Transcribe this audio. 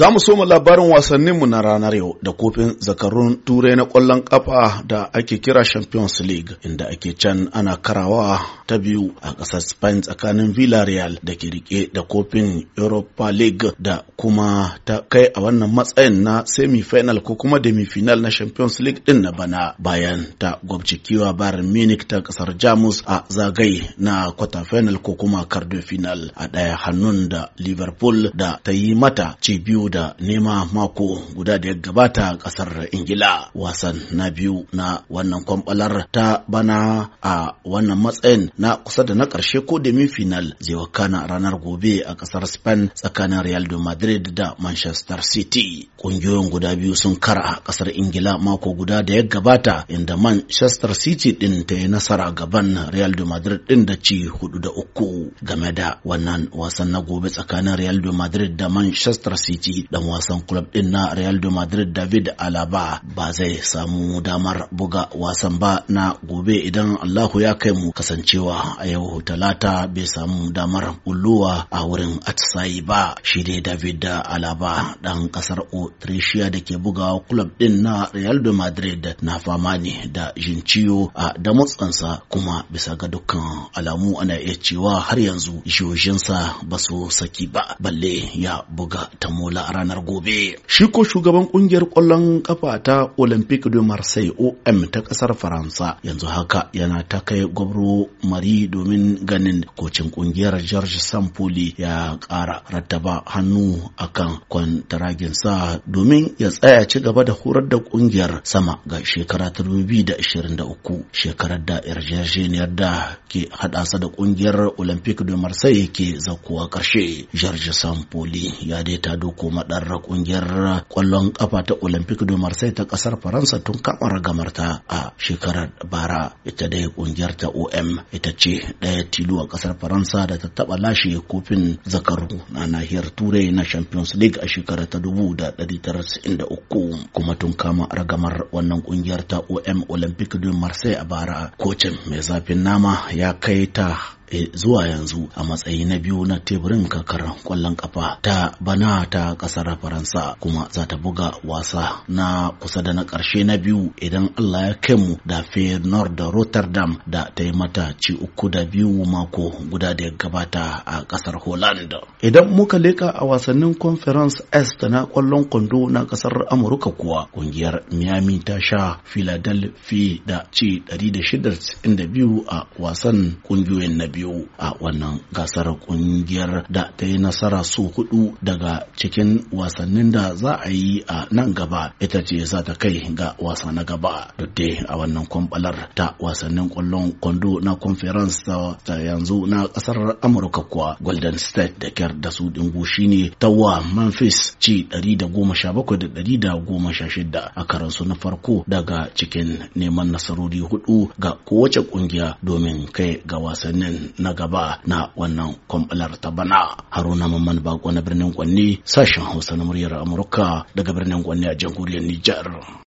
Za mu soma labarin wasannin mu na ranar yau da kofin zakarun turai na kwallon ƙafa da ake kira Champions League inda ake can ana karawa ta biyu a ƙasar Spain tsakanin Villarreal da ke rike da kofin Europa League da kuma ta kai a wannan matsayin na semi-final ko kuma demi-final na Champions League din na bana bayan ta gwabci kiwa Bayern Munich ta ƙasar Jamus a zagaye na quarter final ko kuma cardo final a ɗaya hannun da Liverpool da ta yi mata ci biyu da nema mako guda da ya gabata kasar ingila wasan na biyu na wannan kwambalar ta bana a wannan matsayin na kusa da na ƙarshe ko demi final zai wakana ranar gobe a kasar spain tsakanin real de madrid da manchester city ƙungiyoyin guda biyu sun kara a kasar ingila mako guda da ya gabata inda manchester city din ta yi nasara gaban real de madrid din da ci hudu da uku game da wannan wasan na gobe tsakanin real de madrid da manchester city Ɗan dan wasan club din na Real de Madrid David Alaba ba zai samu damar buga wasan ba na gobe idan Allahu ya kai mu kasancewa a yau talata bai samu damar kulluwa a wurin atisayi ba shi dai David Alaba dan kasar otrishia da ke buga club din na Real de Madrid na fama ne da jin ciwo a motsansa kuma bisa ga dukkan alamu ana iya cewa har yanzu jiyojinsa ba su saki ba balle ya buga tamola. Allah a ranar gobe. Shi ko shugaban kungiyar ƙwallon kafa ta Olympique de Marseille OM ta ƙasar Faransa yanzu haka yana ta kai gwabro mari domin ganin kocin kungiyar George Sampoli ya ƙara rattaba hannu akan kwantaraginsa domin ya tsaya ci gaba da horar da kungiyar sama ga shekara 2023 shekarar da yarjejeniyar da ke haɗasa da kungiyar Olympique de Marseille ke zakuwa ƙarshe. George Sampoli ya daita doko Kuma ɗan ƙungiyar ƙwallon ƙafa ta Olympic de Marseille ta ƙasar Faransa tun ragamar ragamarta a shekarar bara. Ita dai ƙungiyar ta OM ita ce ɗaya tilo a ƙasar Faransa da ta taɓa lashe kofin zakaru na nahiyar Turai na Champions League a shekarar ta uku. kuma tun kama ragamar wannan ƙungiyar ta OM Olympic de Marseille a bara kocin mai zafin nama ya kai ta zuwa yanzu a matsayi na biyu na teburin kakar kwallon kafa ta bana ta kasar faransa kuma za ta buga wasa na kusa da na karshe na biyu idan allah ya kai mu da feyenoord da rotterdam da ta yi mata ci uku da biyu mako guda da ya gabata a kasar holland idan muka leka a wasannin conference est na kwallon kwando na kasar amurka kuwa kungiyar miami ta sha philadelphia da ci 162 a wasan kungiyoyin na biyu biyu a wannan gasar kungiyar da ta yi nasara su hudu daga cikin wasannin da za a yi a nan gaba ita ce za ta kai ga wasa na gaba duk dai a wannan kwambalar ta wasannin kwallon kwando na conference ta yanzu na kasar amurka kuwa golden state da kyar da su dingo shine tawa memphis ci 117-116 a karansu na farko daga cikin neman nasarori hudu ga kowace kungiya domin kai ga wasannin na gaba na wannan kwamfalar ta bana haruna mamman bako na birnin kwanni sashen hausa na muryar amurka daga birnin kwanni a jamhuriyar nijar